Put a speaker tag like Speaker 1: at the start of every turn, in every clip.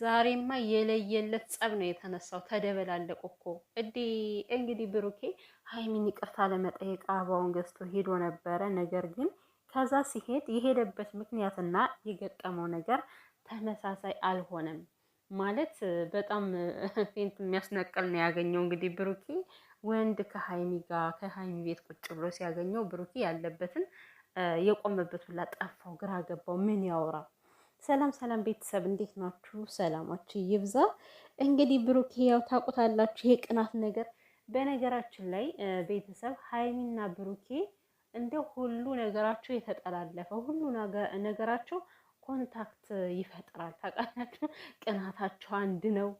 Speaker 1: ዛሬማ የለየለት ጸብ ነው የተነሳው። ተደበላለቁ እኮ እዲ እንግዲህ ብሩኬ ሀይሚን ይቅርታ ለመጠየቅ አበባውን ገዝቶ ሄዶ ነበረ። ነገር ግን ከዛ ሲሄድ የሄደበት ምክንያትና የገጠመው ነገር ተመሳሳይ አልሆነም። ማለት በጣም ፌንት የሚያስነቅል ነው ያገኘው። እንግዲህ ብሩኬ ወንድ ከሀይሚ ጋር ከሀይሚ ቤት ቁጭ ብሎ ሲያገኘው ብሩኬ ያለበትን የቆመበት ሁላ ጠፋው፣ ግራ ገባው። ምን ያወራል? ሰላም ሰላም ቤተሰብ እንዴት ናችሁ? ሰላማችሁ ይብዛ። እንግዲህ ብሩኬ ያው ታውቁታላችሁ የቅናት ነገር። በነገራችን ላይ ቤተሰብ ሀይሚና ብሩኬ እንደ ሁሉ ነገራቸው የተጠላለፈ ሁሉ ነገራቸው ኮንታክት ይፈጥራል። ታውቃላችሁ፣ ቅናታቸው አንድ ነው፣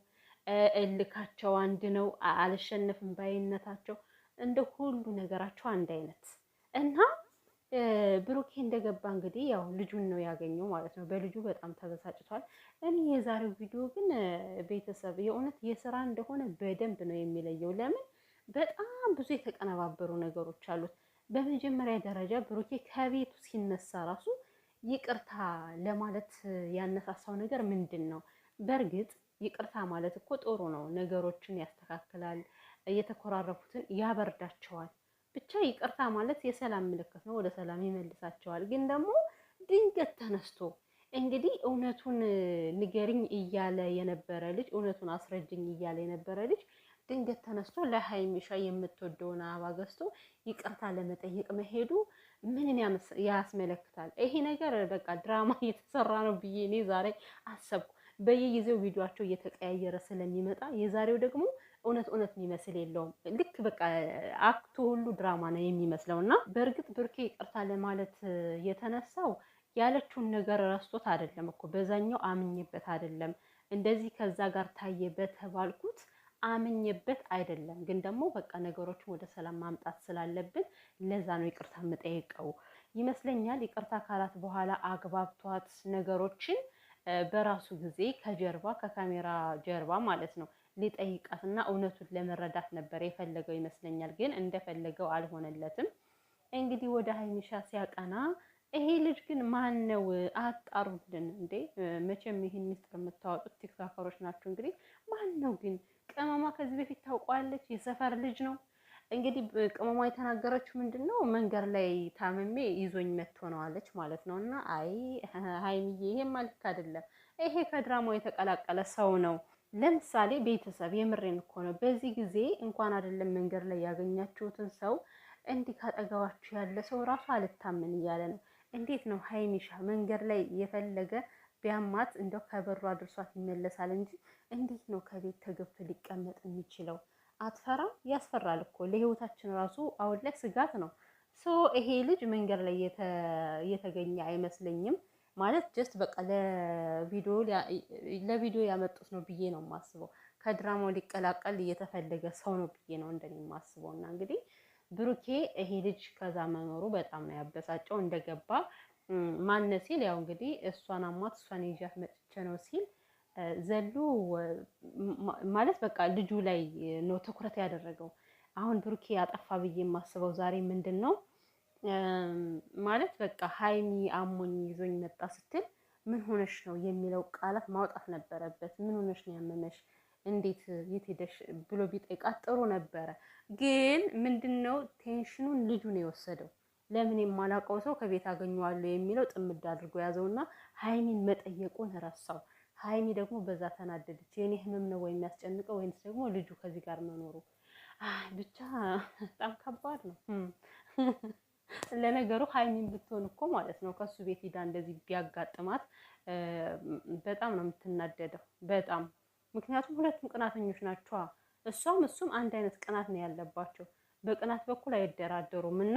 Speaker 1: እልካቸው አንድ ነው፣ አልሸነፍም ባይነታቸው እንደ ሁሉ ነገራቸው አንድ አይነት እና ብሩኬ እንደገባ እንግዲህ ያው ልጁን ነው ያገኘው ማለት ነው። በልጁ በጣም ተበሳጭቷል። እኔ የዛሬው ቪዲዮ ግን ቤተሰብ የእውነት የስራ እንደሆነ በደንብ ነው የሚለየው። ለምን በጣም ብዙ የተቀነባበሩ ነገሮች አሉት። በመጀመሪያ ደረጃ ብሩኬ ከቤቱ ሲነሳ ራሱ ይቅርታ ለማለት ያነሳሳው ነገር ምንድን ነው? በእርግጥ ይቅርታ ማለት እኮ ጥሩ ነው። ነገሮችን ያስተካክላል፣ እየተኮራረፉትን ያበርዳቸዋል። ብቻ ይቅርታ ማለት የሰላም ምልክት ነው፣ ወደ ሰላም ይመልሳቸዋል። ግን ደግሞ ድንገት ተነስቶ እንግዲህ እውነቱን ንገሪኝ እያለ የነበረ ልጅ እውነቱን አስረጅኝ እያለ የነበረ ልጅ ድንገት ተነስቶ ለሀይሚሻ የምትወደውን አበባ ገዝቶ ይቅርታ ለመጠየቅ መሄዱ ምንን ያስመለክታል? ይሄ ነገር በቃ ድራማ እየተሰራ ነው ብዬ እኔ ዛሬ አሰብኩ። በየጊዜው ቪዲዮቸው እየተቀያየረ ስለሚመጣ የዛሬው ደግሞ እውነት እውነት የሚመስል የለውም። ልክ በቃ አክቱ ሁሉ ድራማ ነው የሚመስለው እና በእርግጥ ብርኬ ይቅርታ ለማለት የተነሳው ያለችውን ነገር ረስቶት አይደለም እኮ በዛኛው አምኝበት አይደለም እንደዚህ ከዛ ጋር ታየ በተባልኩት አምኝበት አይደለም። ግን ደግሞ በቃ ነገሮችን ወደ ሰላም ማምጣት ስላለብን ለዛ ነው ይቅርታ የምጠይቀው ይመስለኛል። ይቅርታ አካላት በኋላ አግባብቷት ነገሮችን በራሱ ጊዜ ከጀርባ ከካሜራ ጀርባ ማለት ነው ሊጠይቃትና እውነቱን ለመረዳት ነበር የፈለገው ይመስለኛል። ግን እንደፈለገው አልሆነለትም። እንግዲህ ወደ ሀይሚሻ ሲያቀና ይሄ ልጅ ግን ማን ነው? አጣሩልን እንዴ! መቼም ይህን ሚስጥር የምታወጡት ቲክቶከሮች ናቸው። እንግዲህ ማን ነው ግን? ቅመማ ከዚህ በፊት ታውቋለች። የሰፈር ልጅ ነው እንግዲህ ቅመሟ የተናገረችው ምንድን ነው መንገድ ላይ ታምሜ ይዞኝ መጥቶ ነው አለች ማለት ነው። እና አይ ሀይሚዬ፣ ይሄ ማለት አይደለም። ይሄ ከድራማው የተቀላቀለ ሰው ነው። ለምሳሌ ቤተሰብ፣ የምሬን እኮ ነው። በዚህ ጊዜ እንኳን አይደለም መንገድ ላይ ያገኛችሁትን ሰው እንዲህ ካጠገባችሁ ያለ ሰው ራሱ አልታምን እያለ ነው። እንዴት ነው ሀይሚሻ መንገድ ላይ የፈለገ ቢያማት እንደው ከበሩ አድርሷት ይመለሳል እንጂ እንዴት ነው ከቤት ተገብቶ ሊቀመጥ የሚችለው? አትፈራ ያስፈራል እኮ ለህይወታችን ራሱ አሁን ላይ ስጋት ነው። ሶ ይሄ ልጅ መንገድ ላይ የተገኘ አይመስለኝም። ማለት ጀስት በቃ ለቪዲዮ ያመጡት ነው ብዬ ነው የማስበው። ከድራማው ሊቀላቀል እየተፈለገ ሰው ነው ብዬ ነው እንደኔ የማስበው። እና እንግዲህ ብሩኬ ይሄ ልጅ ከዛ መኖሩ በጣም ነው ያበሳጨው። እንደገባ ማነ ሲል ያው እንግዲህ እሷን አሟት እሷን ይዣት መጥቼ ነው ሲል ዘሎ ማለት በቃ ልጁ ላይ ነው ትኩረት ያደረገው። አሁን ብሩኬ ያጠፋ ብዬ የማስበው ዛሬ ምንድን ነው ማለት በቃ ሀይሚ አሞኝ ይዞኝ መጣ ስትል ምን ሆነሽ ነው የሚለው ቃላት ማውጣት ነበረበት። ምን ሆነሽ ነው ያመመሽ፣ እንዴት የት ሄደሽ ብሎ ቢጠይቃት ጥሩ ነበረ። ግን ምንድን ነው ቴንሽኑን ልጁ ነው የወሰደው። ለምን የማላውቀው ሰው ከቤት አገኘዋለሁ የሚለው ጥምድ አድርጎ ያዘውና ሀይሚን መጠየቁን ረሳው። ሀይሚ ደግሞ በዛ ተናደደች። የኔ ህመም ነው ወይ የሚያስጨንቀው ወይንስ ደግሞ ልጁ ከዚህ ጋር መኖሩ? ብቻ በጣም ከባድ ነው። ለነገሩ ሀይሚን ብትሆን እኮ ማለት ነው ከሱ ቤት ሂዳ እንደዚህ ቢያጋጥማት በጣም ነው የምትናደደው። በጣም ምክንያቱም ሁለቱም ቅናተኞች ናቸዋ። እሷም እሱም አንድ አይነት ቅናት ነው ያለባቸው። በቅናት በኩል አይደራደሩም እና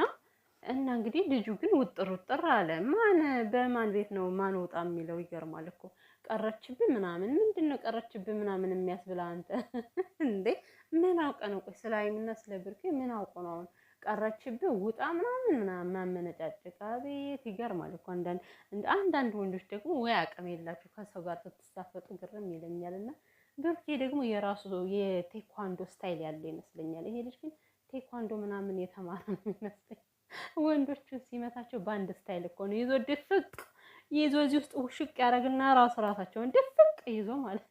Speaker 1: እና እንግዲህ ልጁ ግን ውጥር ውጥር አለ። ማን በማን ቤት ነው ማን ወጣ የሚለው ይገርማል እኮ ቀረችብህ ምናምን ምንድን ነው ቀረችብህ ምናምን የሚያስብላ አንተ እንዴ ምን አውቀ ነው? ቆይ ስለ ሀይሚና ስለ ብርኬ ምን አውቀ ነው? አሁን ቀረችብህ ውጣ ምናምን ምናምን ማመነጫጭቅ አቤት ይገርማል እኮ አንዳንድ አንዳንድ ወንዶች ደግሞ ወይ አቅም የላቸው ከሰው ጋር ስትሳፈጡ ግርም ይለኛል። እና ብርኬ ደግሞ የራሱ የቴኳንዶ ስታይል ያለ ይመስለኛል። ይሄ ልጅ ግን ቴኳንዶ ምናምን የተማረ ነው ይመስለኛል። ወንዶቹን ሲመታቸው በአንድ ስታይል እኮ ነው ይዞ ድፍቅ ይዞ እዚህ ውስጥ ውሽቅ ያደረግና ራሱ ራሳቸውን ድፍቅ ይዞ ማለት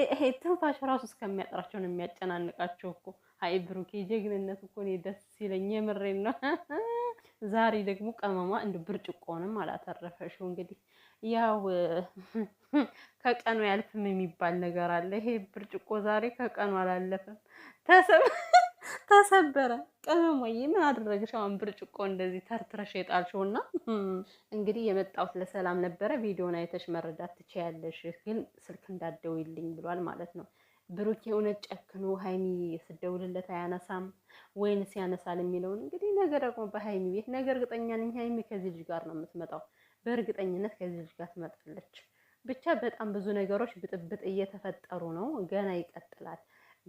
Speaker 1: ይሄ ትንፋሽ ራሱ እስከሚያጠራቸው ነው የሚያጨናንቃቸው እኮ። አይ ብሩኬ ጀግንነት እኮ እኔ ደስ ሲለኝ የምሬን ነው። ዛሬ ደግሞ ቀመማ እንደ ብርጭቆንም አላተረፈሽው። እንግዲህ ያው ከቀኑ አያልፍም የሚባል ነገር አለ። ይሄ ብርጭቆ ዛሬ ከቀኑ አላለፈም ተሰብ ተሰበረ። ቀመሞዬ ምን አደረግሽ? አሁን ብርጭቆ እንደዚህ ተርትረሽ የጣልሽው እና እንግዲህ የመጣሁት ለሰላም ነበረ። ቪዲዮን አይተሽ መረዳት ትችያለሽ፣ ግን ስልክ እንዳትደውይልኝ ብሏል ማለት ነው። ብሩኬ እውነት ጨክኖ ሀይሚ ስደውልለት አያነሳም ወይንስ ያነሳል የሚለውን እንግዲህ ነገ ደግሞ በሀይሚ ቤት ነገ እርግጠኛ ነኝ ሀይሚ ከዚህ ልጅ ጋር ነው የምትመጣው። በእርግጠኝነት ከዚህ ልጅ ጋር ትመጣለች። ብቻ በጣም ብዙ ነገሮች ብጥብጥ እየተፈጠሩ ነው። ገና ይቀጥላል።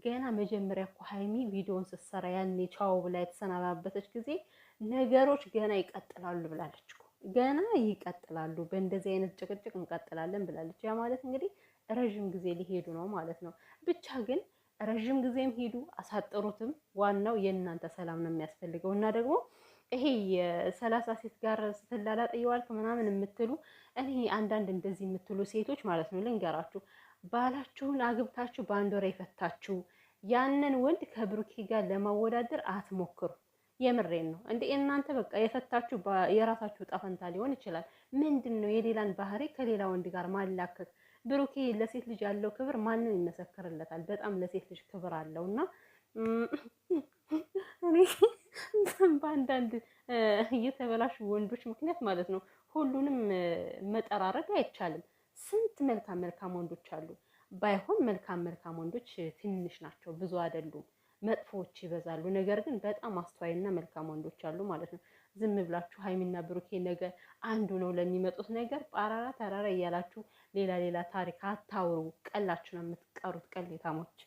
Speaker 1: ገና መጀመሪያ እኮ ሀይሚ ቪዲዮን ስትሰራ ያኔ ቻው ብላ የተሰናባበተች ጊዜ ነገሮች ገና ይቀጥላሉ ብላለች እኮ ገና ይቀጥላሉ፣ በእንደዚህ አይነት ጭቅጭቅ እንቀጥላለን ብላለች። ያ ማለት እንግዲህ ረዥም ጊዜ ሊሄዱ ነው ማለት ነው። ብቻ ግን ረዥም ጊዜም ሄዱ አሳጠሩትም፣ ዋናው የእናንተ ሰላም ነው የሚያስፈልገው እና ደግሞ ይሄ የሰላሳ ሴት ጋር ስትላላ ጥየዋልክ ምናምን የምትሉ እኔ አንዳንድ እንደዚህ የምትሉ ሴቶች ማለት ነው ልንገራችሁ ባላችሁን አግብታችሁ በአንድ ወር የፈታችሁ ያንን ወንድ ከብሩኬ ጋር ለማወዳደር አትሞክሩ። የምሬን ነው። እንደ እናንተ በቃ የፈታችሁ የራሳችሁ ጠፈንታ ሊሆን ይችላል። ምንድን ነው የሌላን ባህሪ ከሌላ ወንድ ጋር ማላከክ? ብሩኬ ለሴት ልጅ ያለው ክብር ማንን ይመሰክርለታል። በጣም ለሴት ልጅ ክብር አለው እና እኔ በአንዳንድ እየተበላሹ ወንዶች ምክንያት ማለት ነው ሁሉንም መጠራረግ አይቻልም። ስንት መልካም መልካም ወንዶች አሉ። ባይሆን መልካም መልካም ወንዶች ትንሽ ናቸው፣ ብዙ አይደሉም። መጥፎዎች ይበዛሉ። ነገር ግን በጣም አስተዋይና መልካም ወንዶች አሉ ማለት ነው። ዝም ብላችሁ ሀይሚና ብሩኬ ነገ አንዱ ነው ለሚመጡት ነገር ጳራራ ተራራ እያላችሁ ሌላ ሌላ ታሪክ አታውሩ። ቀላችሁ ነው የምትቀሩት ቀሌታሞች።